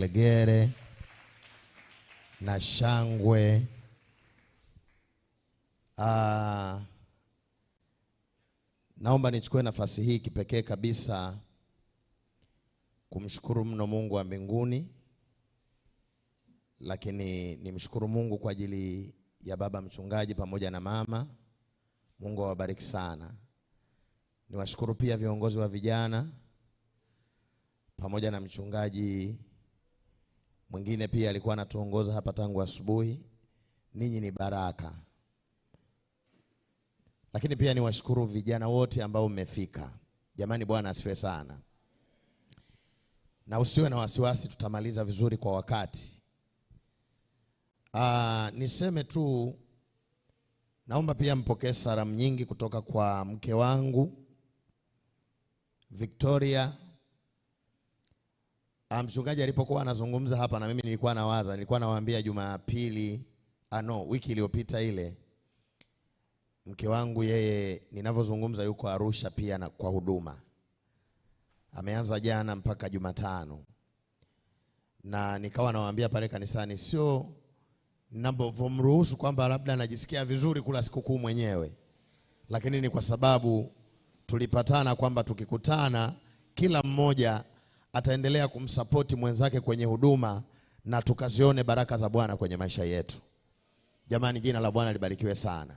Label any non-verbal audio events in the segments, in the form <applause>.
Legere na shangwe. uh, ah, naomba nichukue nafasi hii kipekee kabisa kumshukuru mno Mungu wa mbinguni, lakini nimshukuru Mungu kwa ajili ya baba mchungaji pamoja na mama. Mungu awabariki sana. Niwashukuru pia viongozi wa vijana pamoja na mchungaji Mwingine pia alikuwa anatuongoza hapa tangu asubuhi. Ninyi ni baraka, lakini pia niwashukuru vijana wote ambao mmefika. Jamani, Bwana asifiwe sana, na usiwe na wasiwasi, tutamaliza vizuri kwa wakati. Aa, ah, niseme tu, naomba pia mpokee salamu nyingi kutoka kwa mke wangu Victoria Ah, mchungaji alipokuwa anazungumza hapa, na mimi nilikuwa nawaza, nilikuwa nawaambia Jumapili ano, ah, wiki iliyopita ile, mke wangu yeye, ninavyozungumza yuko Arusha pia na kwa huduma, ameanza jana mpaka Jumatano, na nikawa nawaambia pale kanisani, sio ninavyomruhusu kwamba labda najisikia vizuri kula sikukuu mwenyewe, lakini ni kwa sababu tulipatana kwamba tukikutana kila mmoja ataendelea kumsapoti mwenzake kwenye huduma na tukazione baraka za Bwana kwenye maisha yetu. Jamani, jina la Bwana libarikiwe sana.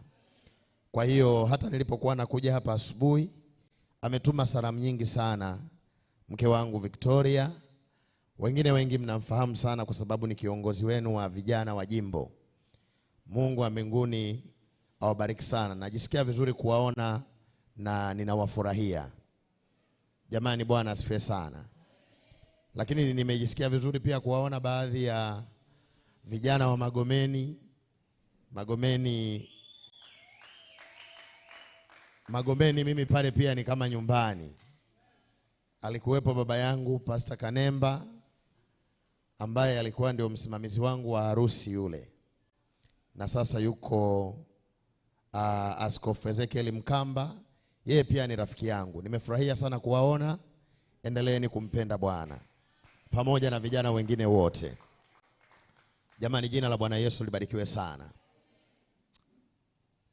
Kwa hiyo hata nilipokuwa nakuja hapa asubuhi, ametuma salamu nyingi sana mke wangu Victoria. Wengine wengi mnamfahamu sana kwa sababu ni kiongozi wenu wa vijana wa jimbo. Mungu wa mbinguni awabariki sana. Najisikia vizuri kuwaona na ninawafurahia. Jamani, Bwana asifiwe sana. Lakini nimejisikia vizuri pia kuwaona baadhi ya vijana wa Magomeni, Magomeni, Magomeni. Mimi pale pia ni kama nyumbani, alikuwepo baba yangu Pastor Kanemba ambaye alikuwa ndio msimamizi wangu wa harusi yule, na sasa yuko uh, Askofu Ezekiel Mkamba, yeye pia ni rafiki yangu. Nimefurahia sana kuwaona, endeleeni kumpenda Bwana pamoja na vijana wengine wote. Jamani, jina la Bwana Yesu libarikiwe sana.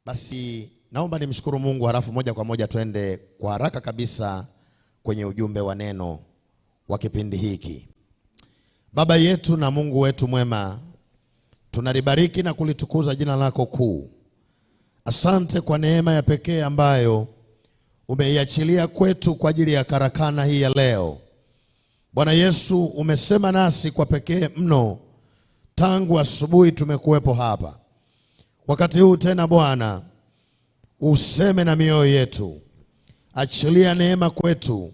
Basi naomba nimshukuru Mungu, halafu moja kwa moja twende kwa haraka kabisa kwenye ujumbe wa neno wa kipindi hiki. Baba yetu na Mungu wetu mwema, tunalibariki na kulitukuza jina lako kuu. Asante kwa neema ya pekee ambayo umeiachilia kwetu kwa ajili ya karakana hii ya leo. Bwana Yesu, umesema nasi kwa pekee mno. Tangu asubuhi tumekuwepo hapa. Wakati huu tena Bwana, useme na mioyo yetu, achilia neema kwetu,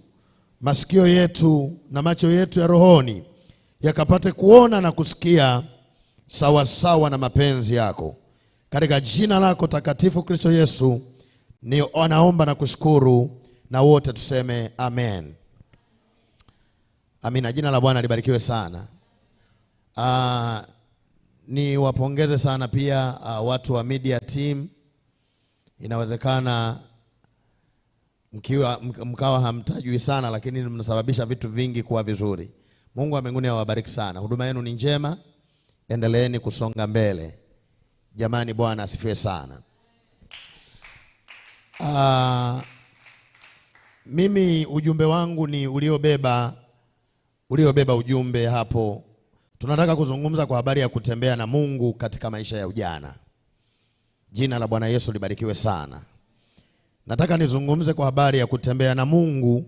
masikio yetu na macho yetu ya rohoni yakapate kuona na kusikia sawasawa sawa na mapenzi yako, katika jina lako takatifu Kristo Yesu ni anaomba na kushukuru, na wote tuseme amen. Amina, jina la Bwana libarikiwe sana. Uh, ah, niwapongeze sana pia uh, watu wa media team. Inawezekana mkiwa mkawa hamtajui sana, lakini mnasababisha vitu vingi kuwa vizuri. Mungu wa mbinguni awabariki sana, huduma yenu ni njema, endeleeni kusonga mbele jamani. Bwana asifiwe sana. Uh, mimi ujumbe wangu ni uliobeba uliobeba ujumbe hapo. Tunataka kuzungumza kwa habari ya kutembea na Mungu katika maisha ya ujana. Jina la Bwana Yesu libarikiwe sana. Nataka nizungumze kwa habari ya kutembea na Mungu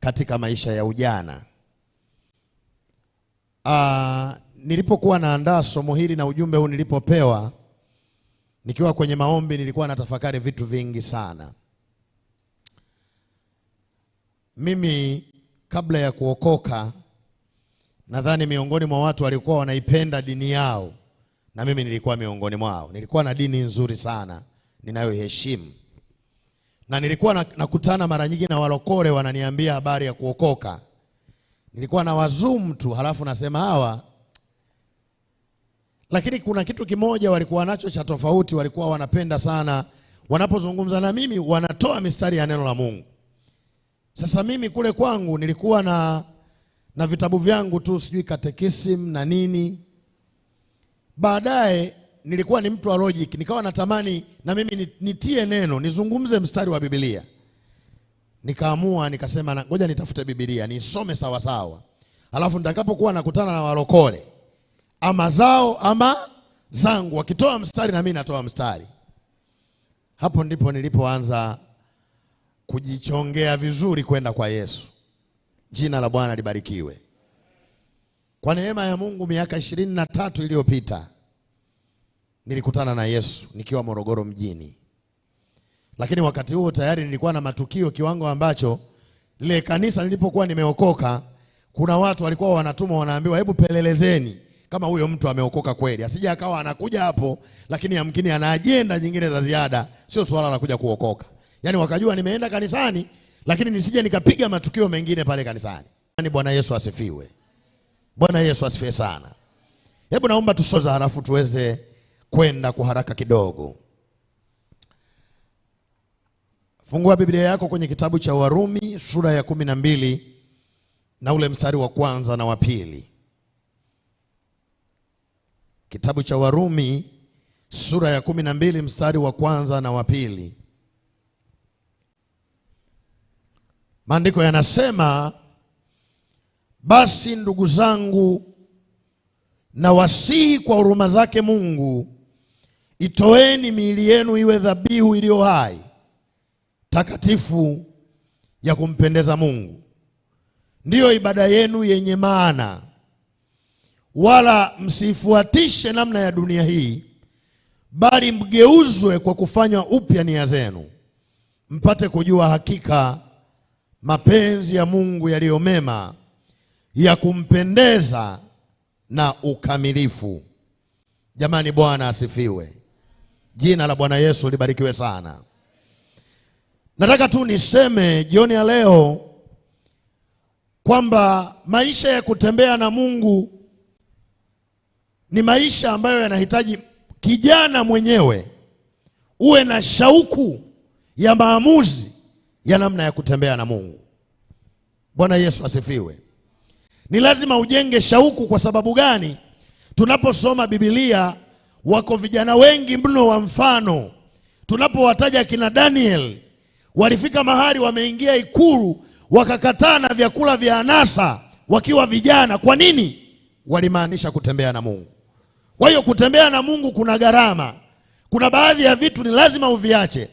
katika maisha ya ujana. Aa, ah, nilipokuwa naandaa somo hili na ujumbe huu nilipopewa, nikiwa kwenye maombi, nilikuwa natafakari vitu vingi sana. Mimi kabla ya kuokoka nadhani miongoni mwa watu walikuwa wanaipenda dini yao, na mimi nilikuwa miongoni mwao. Nilikuwa na dini nzuri sana ninayoheshimu, na nilikuwa nakutana mara nyingi na walokole wananiambia habari ya kuokoka. Nilikuwa na wazumu tu, halafu nasema hawa. Lakini kuna kitu kimoja walikuwa nacho cha tofauti, walikuwa wanapenda sana wanapozungumza na mimi, wanatoa mistari ya neno la Mungu. Sasa mimi kule kwangu nilikuwa na na vitabu vyangu tu, sijui katekisim na nini. Baadaye nilikuwa ni mtu wa logic, nikawa natamani na mimi nitie neno, nizungumze mstari wa Biblia. Nikaamua nikasema, ngoja nitafute Biblia nisome sawa sawa, alafu nitakapokuwa nakutana na walokole ama zao ama zangu, wakitoa mstari na mimi natoa mstari. Hapo ndipo nilipoanza kujichongea vizuri kwenda kwa Yesu. Jina la Bwana libarikiwe. Kwa neema ya Mungu, miaka ishirini na tatu iliyopita nilikutana na Yesu nikiwa Morogoro mjini, lakini wakati huo tayari nilikuwa na matukio kiwango ambacho lile kanisa nilipokuwa nimeokoka, kuna watu walikuwa wanatumwa, wanaambiwa hebu pelelezeni kama huyo mtu ameokoka kweli, asije akawa anakuja hapo, lakini yamkini ana ajenda nyingine za ziada, sio swala la kuja kuokoka. Yaani wakajua nimeenda kanisani lakini nisije nikapiga matukio mengine pale kanisani. Yaani Bwana Yesu asifiwe. Bwana Yesu asifiwe sana. Hebu naomba tusoza, halafu tuweze kwenda kwa haraka kidogo. Fungua Biblia yako kwenye kitabu cha Warumi sura ya kumi na mbili na ule mstari wa kwanza na wa pili. Kitabu cha Warumi sura ya kumi na mbili mstari wa kwanza na wa pili. Maandiko yanasema, basi ndugu zangu, na wasihi kwa huruma zake Mungu, itoeni miili yenu iwe dhabihu iliyo hai, takatifu, ya kumpendeza Mungu, ndiyo ibada yenu yenye maana. Wala msifuatishe namna ya dunia hii, bali mgeuzwe kwa kufanywa upya nia zenu, mpate kujua hakika mapenzi ya Mungu yaliyo mema ya kumpendeza na ukamilifu. Jamani, Bwana asifiwe. Jina la Bwana Yesu libarikiwe sana. Nataka tu niseme jioni ya leo kwamba maisha ya kutembea na Mungu ni maisha ambayo yanahitaji kijana mwenyewe uwe na shauku ya maamuzi ya namna ya kutembea na Mungu. Bwana Yesu asifiwe. Ni lazima ujenge shauku. Kwa sababu gani? Tunaposoma Biblia, wako vijana wengi mno wa mfano. Tunapowataja kina Daniel, walifika mahali wameingia ikulu, wakakataa na vyakula vya anasa wakiwa vijana. Kwa nini? Walimaanisha kutembea na Mungu. Kwa hiyo kutembea na Mungu kuna gharama, kuna baadhi ya vitu ni lazima uviache.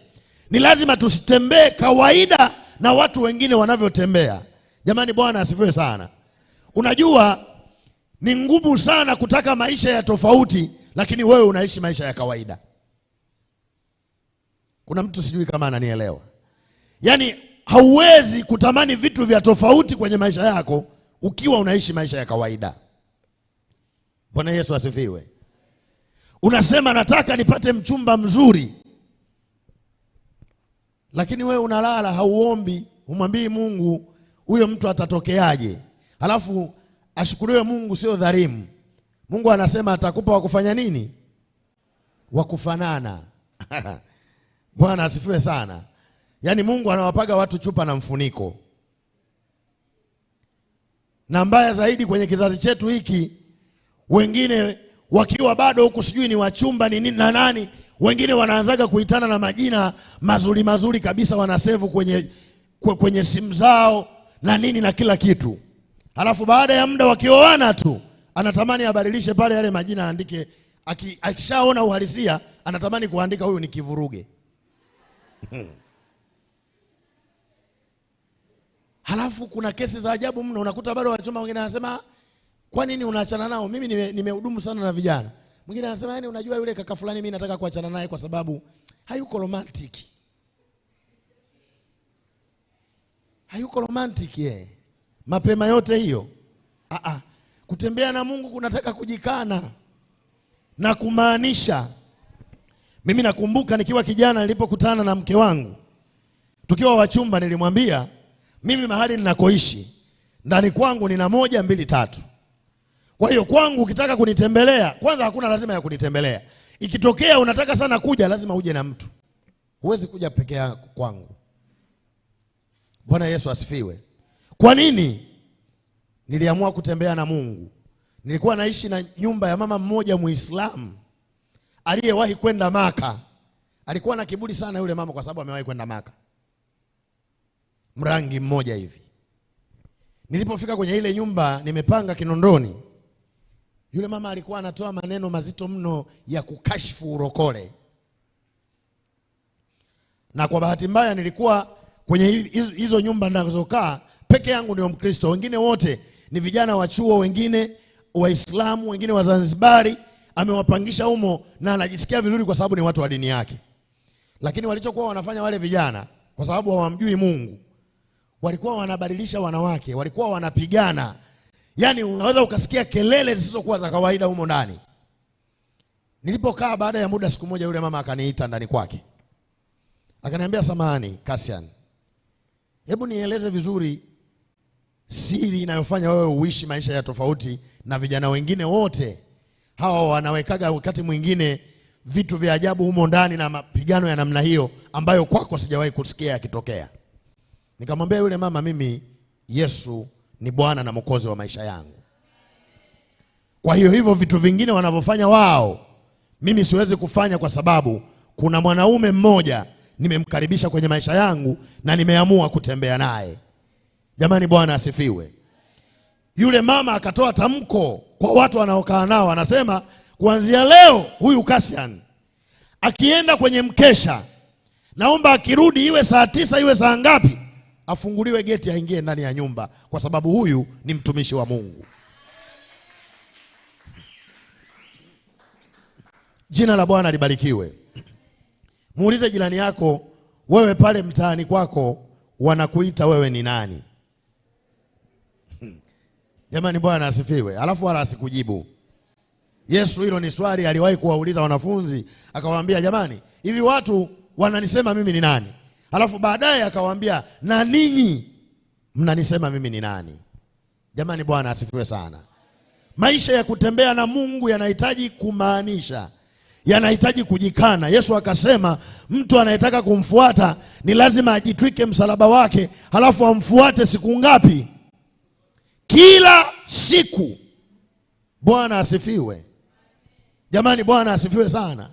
Ni lazima tusitembee kawaida na watu wengine wanavyotembea. Jamani, Bwana asifiwe sana. Unajua ni ngumu sana kutaka maisha ya tofauti, lakini wewe unaishi maisha ya kawaida. Kuna mtu sijui kama ananielewa, yaani hauwezi kutamani vitu vya tofauti kwenye maisha yako ukiwa unaishi maisha ya kawaida. Bwana Yesu asifiwe. Unasema nataka nipate mchumba mzuri, lakini wewe unalala, hauombi, humwambii Mungu huyo mtu atatokeaje? Halafu ashukuriwe Mungu sio dhalimu. Mungu anasema atakupa wa kufanya nini? Wa kufanana. <laughs> Bwana asifiwe sana. Yaani Mungu anawapaga watu chupa na mfuniko, na mbaya zaidi kwenye kizazi chetu hiki, wengine wakiwa bado huku sijui ni wachumba ni nini na nani wengine wanaanzaga kuitana na majina mazuri mazuri kabisa, wanasevu kwenye, kwenye simu zao na nini na kila kitu, halafu baada ya muda wakioana tu anatamani abadilishe pale yale majina aandike, akishaona uhalisia anatamani kuandika huyu ni kivuruge <laughs> Halafu kuna kesi za ajabu mno, unakuta bado wachumba wengine anasema kwa nini unaachana nao? Mimi nimehudumu nime sana na vijana Mwingine anasema yani, unajua yule kaka fulani mimi nataka kuachana naye kwa sababu hayuko romantic. Hayuko romantic yeye. Mapema yote hiyo. a a, Kutembea na Mungu kunataka kujikana na kumaanisha. Mimi nakumbuka nikiwa kijana nilipokutana na mke wangu. Tukiwa wachumba nilimwambia mimi mahali ninakoishi ndani kwangu nina moja mbili tatu. Kwa hiyo kwangu ukitaka kunitembelea, kwanza hakuna lazima ya kunitembelea. Ikitokea unataka sana kuja, lazima uje na mtu, huwezi kuja peke yako kwangu. Bwana Yesu asifiwe. Kwa nini niliamua kutembea na Mungu? Nilikuwa naishi na nyumba ya mama mmoja Muislamu aliyewahi kwenda Maka. Alikuwa na kiburi sana yule mama, kwa sababu amewahi kwenda Maka, mrangi mmoja hivi. Nilipofika kwenye ile nyumba, nimepanga Kinondoni yule mama alikuwa anatoa maneno mazito mno ya kukashifu urokole, na kwa bahati mbaya nilikuwa kwenye hizo nyumba ninazokaa peke yangu ndio Mkristo, wengine wote ni vijana wa chuo, wengine Waislamu, wengine wa zanzibari Amewapangisha humo na anajisikia vizuri kwa sababu ni watu wa dini yake. Lakini walichokuwa wanafanya wale vijana, kwa sababu hawamjui Mungu, walikuwa wanabadilisha wanawake, walikuwa wanapigana Yaani unaweza ukasikia kelele zisizokuwa za kawaida humo ndani. Nilipokaa baada ya muda, siku moja, yule mama akaniita ndani kwake, akaniambia, samahani Kasian, hebu nieleze vizuri siri inayofanya wewe uishi maisha ya tofauti na vijana wengine wote hawa. Wanawekaga wakati mwingine vitu vya ajabu humo ndani na mapigano ya namna hiyo ambayo kwako sijawahi kusikia yakitokea. Nikamwambia yule mama, mimi Yesu ni Bwana na Mwokozi wa maisha yangu. Kwa hiyo hivyo vitu vingine wanavyofanya wao, mimi siwezi kufanya, kwa sababu kuna mwanaume mmoja nimemkaribisha kwenye maisha yangu na nimeamua kutembea naye. Jamani, Bwana asifiwe. Yule mama akatoa tamko kwa watu wanaokaa nao, anasema kuanzia leo huyu Kasian akienda kwenye mkesha, naomba akirudi, iwe saa tisa iwe saa ngapi, afunguliwe geti aingie ndani ya nyumba, kwa sababu huyu ni mtumishi wa Mungu. Jina la Bwana libarikiwe. Muulize jirani yako, wewe pale mtaani kwako wanakuita wewe ni nani? <laughs> Jamani, Bwana asifiwe. Alafu wala asikujibu. Yesu hilo ni swali aliwahi kuwauliza wanafunzi, akawaambia, jamani, hivi watu wananisema mimi ni nani? Alafu baadaye akawaambia, na ninyi mnanisema mimi ni nani? Jamani, Bwana asifiwe sana. Maisha ya kutembea na Mungu yanahitaji kumaanisha, yanahitaji kujikana. Yesu akasema mtu anayetaka kumfuata ni lazima ajitwike msalaba wake, halafu amfuate. Siku ngapi? Kila siku. Bwana asifiwe. Jamani, Bwana asifiwe sana.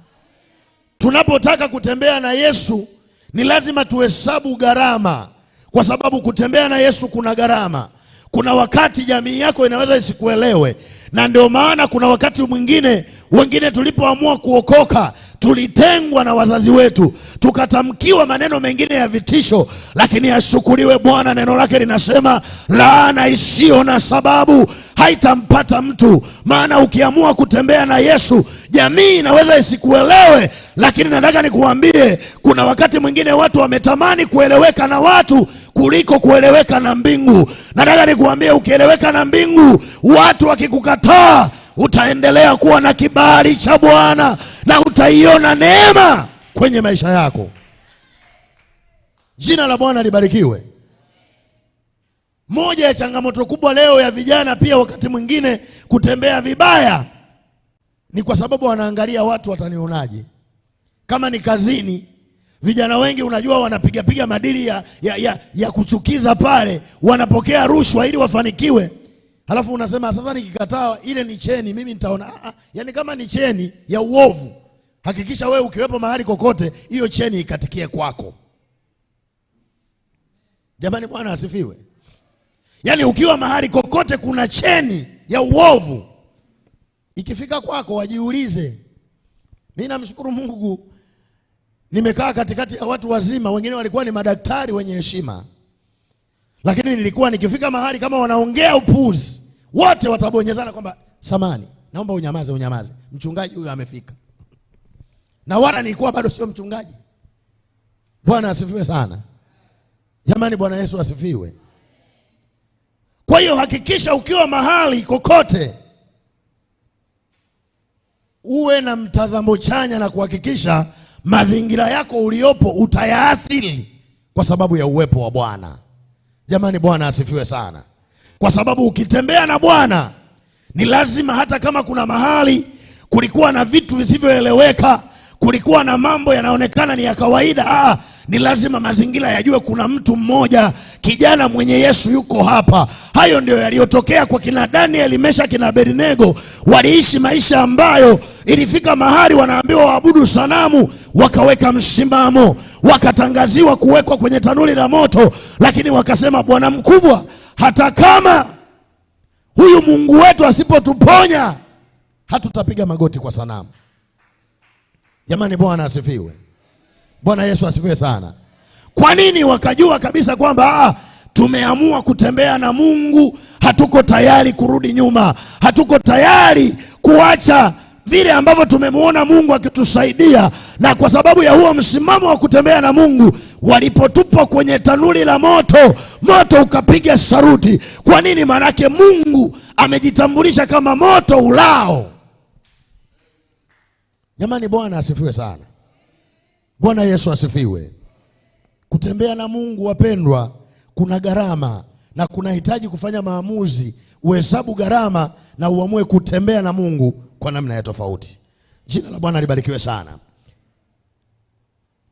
Tunapotaka kutembea na Yesu ni lazima tuhesabu gharama, kwa sababu kutembea na Yesu kuna gharama. Kuna wakati jamii yako inaweza isikuelewe, na ndio maana kuna wakati mwingine wengine tulipoamua kuokoka tulitengwa na wazazi wetu, tukatamkiwa maneno mengine ya vitisho, lakini ashukuriwe Bwana, neno lake linasema laana isiyo na sababu haitampata mtu. Maana ukiamua kutembea na Yesu, jamii inaweza isikuelewe, lakini nataka nikuambie, kuna wakati mwingine watu wametamani kueleweka na watu kuliko kueleweka na mbingu. Nataka nikuambie, ukieleweka na mbingu, watu wakikukataa utaendelea kuwa na kibali cha Bwana na utaiona neema kwenye maisha yako. Jina la Bwana libarikiwe. Moja ya changamoto kubwa leo ya vijana pia wakati mwingine kutembea vibaya ni kwa sababu wanaangalia watu watanionaje. Kama ni kazini, vijana wengi unajua wanapigapiga madili ya, ya, ya, ya kuchukiza pale, wanapokea rushwa ili wafanikiwe. Halafu unasema sasa nikikataa ile ni cheni, mimi nitaona ah, ah, yani kama ni cheni ya uovu, hakikisha wewe ukiwepo mahali kokote, hiyo cheni ikatikie kwako. Jamani, Bwana asifiwe. Yaani ukiwa mahali kokote kuna cheni ya uovu ikifika kwako, wajiulize. Mimi namshukuru Mungu, nimekaa katikati ya watu wazima, wengine walikuwa ni madaktari wenye heshima lakini nilikuwa nikifika mahali kama wanaongea upuzi wote watabonyezana kwamba samani, naomba unyamaze, unyamaze, mchungaji huyo amefika. Na wala nilikuwa bado sio mchungaji. Bwana asifiwe sana jamani, Bwana Yesu asifiwe. Kwa hiyo hakikisha ukiwa mahali kokote uwe na mtazamo chanya na kuhakikisha mazingira yako uliopo utayaathiri kwa sababu ya uwepo wa Bwana. Jamani, Bwana asifiwe sana, kwa sababu ukitembea na Bwana ni lazima, hata kama kuna mahali kulikuwa na vitu visivyoeleweka, kulikuwa na mambo yanaonekana ni ya kawaida, ah ni lazima mazingira yajue kuna mtu mmoja kijana mwenye Yesu yuko hapa. Hayo ndio yaliyotokea kwa kina Danieli, Mesha kina Abednego. Waliishi maisha ambayo ilifika mahali wanaambiwa waabudu sanamu, wakaweka msimamo, wakatangaziwa kuwekwa kwenye tanuri la moto, lakini wakasema, Bwana mkubwa, hata kama huyu Mungu wetu asipotuponya hatutapiga magoti kwa sanamu. Jamani, Bwana asifiwe. Bwana Yesu asifiwe sana. Kwa nini? Wakajua kabisa kwamba ah, tumeamua kutembea na Mungu, hatuko tayari kurudi nyuma, hatuko tayari kuacha vile ambavyo tumemwona Mungu akitusaidia. Na kwa sababu ya huo msimamo wa kutembea na Mungu, walipotupwa kwenye tanuri la moto, moto ukapiga saruti. Kwa nini? Maanake Mungu amejitambulisha kama moto ulao. Jamani, Bwana asifiwe sana. Bwana Yesu asifiwe. Kutembea na Mungu wapendwa, kuna gharama na kunahitaji kufanya maamuzi, uhesabu gharama na uamue kutembea na Mungu kwa namna ya tofauti. Jina la Bwana libarikiwe sana.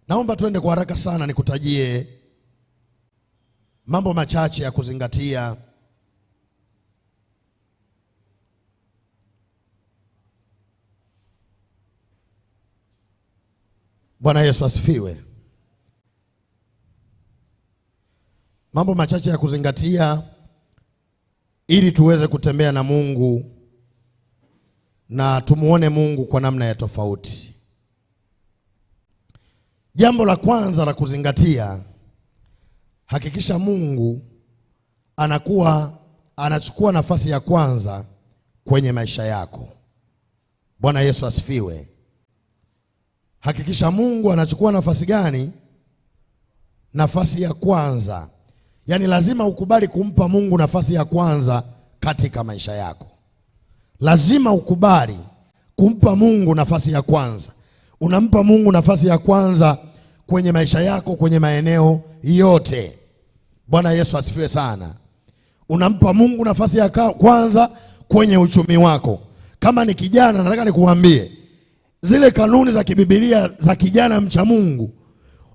Naomba tuende kwa haraka sana nikutajie mambo machache ya kuzingatia Bwana Yesu asifiwe. Mambo machache ya kuzingatia ili tuweze kutembea na Mungu na tumuone Mungu kwa namna ya tofauti. Jambo la kwanza la kuzingatia, hakikisha Mungu anakuwa anachukua nafasi ya kwanza kwenye maisha yako. Bwana Yesu asifiwe hakikisha Mungu anachukua nafasi gani? Nafasi ya kwanza. Yaani lazima ukubali kumpa Mungu nafasi ya kwanza katika maisha yako. Lazima ukubali kumpa Mungu nafasi ya kwanza. Unampa Mungu nafasi ya kwanza kwenye maisha yako, kwenye maeneo yote. Bwana Yesu asifiwe sana. Unampa Mungu nafasi ya kwanza kwenye uchumi wako. Kama ni kijana, nataka nikuambie zile kanuni za kibibilia za kijana mcha Mungu.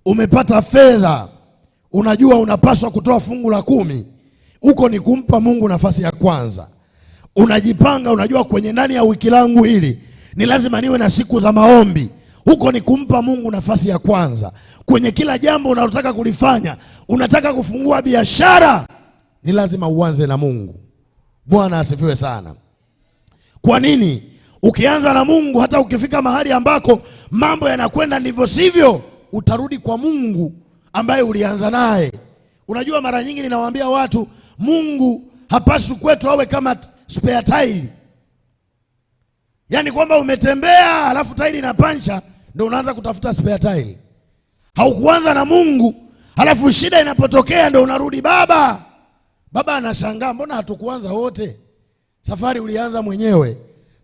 Umepata fedha, unajua unapaswa kutoa fungu la kumi, huko ni kumpa Mungu nafasi ya kwanza. Unajipanga, unajua kwenye ndani ya wiki langu hili ni lazima niwe na siku za maombi, huko ni kumpa Mungu nafasi ya kwanza. Kwenye kila jambo unalotaka kulifanya, unataka kufungua biashara, ni lazima uanze na Mungu. Bwana asifiwe sana. Kwa nini? Ukianza na Mungu, hata ukifika mahali ambako mambo yanakwenda ndivyo sivyo, utarudi kwa Mungu ambaye ulianza naye. Unajua, mara nyingi ninawaambia watu Mungu hapaswi kwetu awe kama spare tire, yaani kwamba umetembea alafu tairi na pancha ndio unaanza kutafuta spare tire. Haukuanza na Mungu alafu shida inapotokea ndio unarudi baba. Baba anashangaa mbona hatukuanza wote, safari ulianza mwenyewe.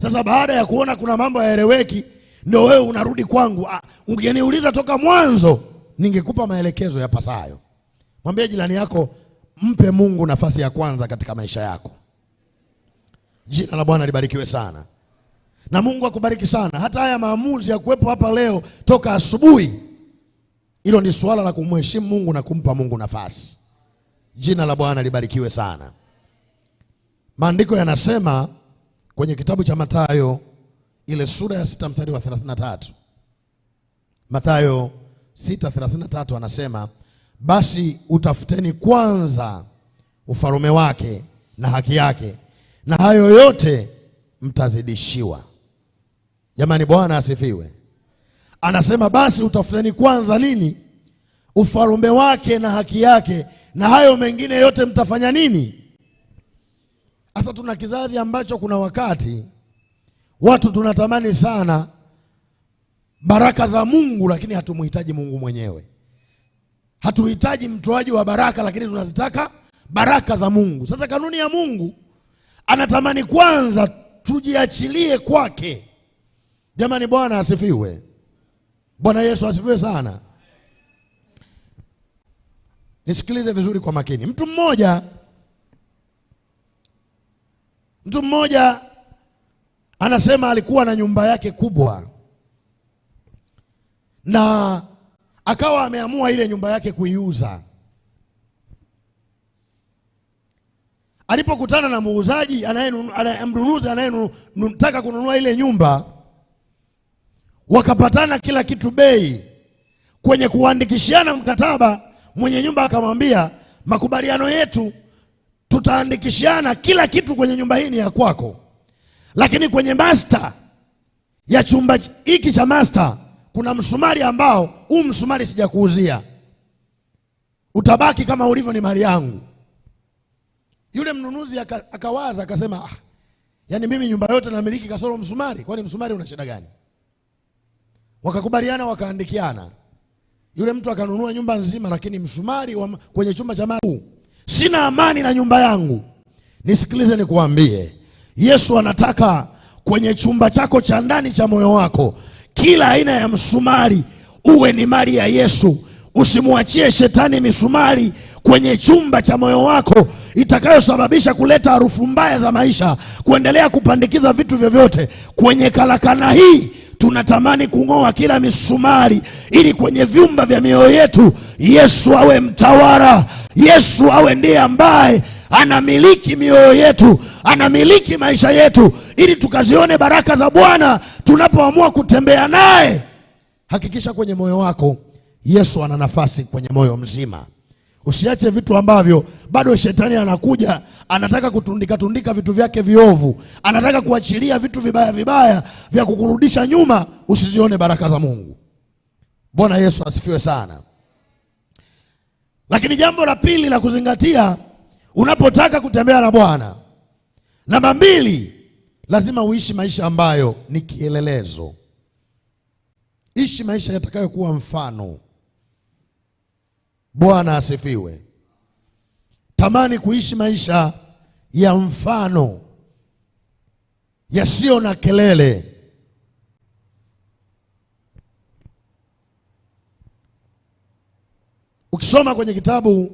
Sasa baada ya kuona kuna mambo hayaeleweki, ndio wewe unarudi kwangu. Ah, ungeniuliza toka mwanzo, ningekupa maelekezo ya pasayo Mwambie jirani yako, mpe Mungu nafasi ya kwanza katika maisha yako. Jina la Bwana libarikiwe sana, na Mungu akubariki sana. Hata haya maamuzi ya kuwepo hapa leo toka asubuhi, hilo ni suala la kumheshimu Mungu na kumpa Mungu nafasi. Jina la Bwana libarikiwe sana. Maandiko yanasema kwenye kitabu cha Mathayo ile sura ya sita mstari wa 33. Mathayo 6:33 anasema, basi utafuteni kwanza ufalume wake na haki yake, na hayo yote mtazidishiwa. Jamani, Bwana asifiwe. Anasema basi utafuteni kwanza nini? Ufalume wake na haki yake, na hayo mengine yote mtafanya nini? Sasa tuna kizazi ambacho kuna wakati watu tunatamani sana baraka za Mungu, lakini hatumhitaji Mungu mwenyewe. Hatuhitaji mtoaji wa baraka, lakini tunazitaka baraka za Mungu. Sasa kanuni ya Mungu anatamani kwanza tujiachilie kwake. Jamani, Bwana asifiwe. Bwana Yesu asifiwe sana. Nisikilize vizuri kwa makini. Mtu mmoja Mtu mmoja anasema alikuwa na nyumba yake kubwa na akawa ameamua ile nyumba yake kuiuza. Alipokutana na muuzaji mnunuzi anayetaka kununua ile nyumba, wakapatana kila kitu bei. Kwenye kuandikishiana mkataba, mwenye nyumba akamwambia, makubaliano yetu tutaandikishiana kila kitu kwenye nyumba hii ni ya kwako, lakini kwenye master ya chumba hiki cha master kuna msumari ambao huu msumari sijakuuzia, utabaki kama ulivyo, ni mali yangu. Yule mnunuzi akawaza aka akasema, ah, yani mimi nyumba yote namiliki kasoro msumari. Kwani msumari una shida gani? Wakakubaliana wakaandikiana, yule mtu akanunua nyumba nzima, lakini msumari wa kwenye chumba cha master sina amani na nyumba yangu. Nisikilize nikuambie, Yesu anataka kwenye chumba chako cha ndani cha moyo wako, kila aina ya msumari uwe ni mali ya Yesu. Usimwachie shetani misumari kwenye chumba cha moyo wako itakayosababisha kuleta harufu mbaya za maisha, kuendelea kupandikiza vitu vyovyote kwenye karakana hii. Tunatamani kung'oa kila misumari ili kwenye vyumba vya mioyo yetu Yesu awe mtawala. Yesu awe ndiye ambaye anamiliki mioyo yetu, anamiliki maisha yetu, ili tukazione baraka za Bwana tunapoamua kutembea naye. Hakikisha kwenye moyo wako Yesu ana nafasi kwenye moyo mzima. Usiache vitu ambavyo bado shetani anakuja, anataka kutundika tundika vitu vyake viovu, anataka kuachilia vitu vibaya vibaya vya kukurudisha nyuma, usizione baraka za Mungu. Bwana Yesu asifiwe sana. Lakini jambo la pili la kuzingatia unapotaka kutembea na Bwana, namba mbili, lazima uishi maisha ambayo ni kielelezo. Ishi maisha yatakayokuwa mfano. Bwana asifiwe. Tamani kuishi maisha ya mfano yasiyo na kelele Ukisoma kwenye kitabu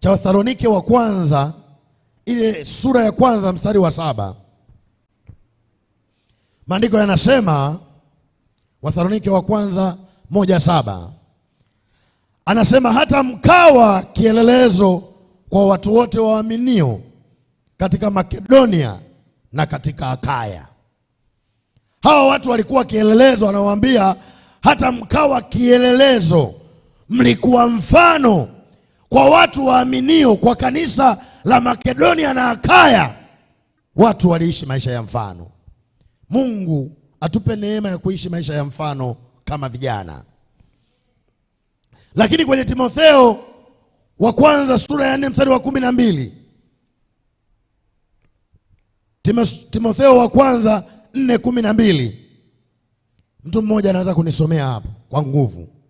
cha Wathalonike wa kwanza ile sura ya kwanza mstari wa saba maandiko yanasema, wathalonike wa kwanza moja saba anasema hata mkawa kielelezo kwa watu wote waaminio katika Makedonia na katika Akaya. Hawa watu walikuwa kielelezo, anawaambia hata mkawa kielelezo mlikuwa mfano kwa watu waaminio. Kwa kanisa la Makedonia na Akaya, watu waliishi maisha ya mfano. Mungu atupe neema ya kuishi maisha ya mfano kama vijana. Lakini kwenye Timotheo wa kwanza sura ya nne mstari wa kumi na mbili Timotheo wa kwanza nne kumi na mbili mtu mmoja anaweza kunisomea hapo kwa nguvu?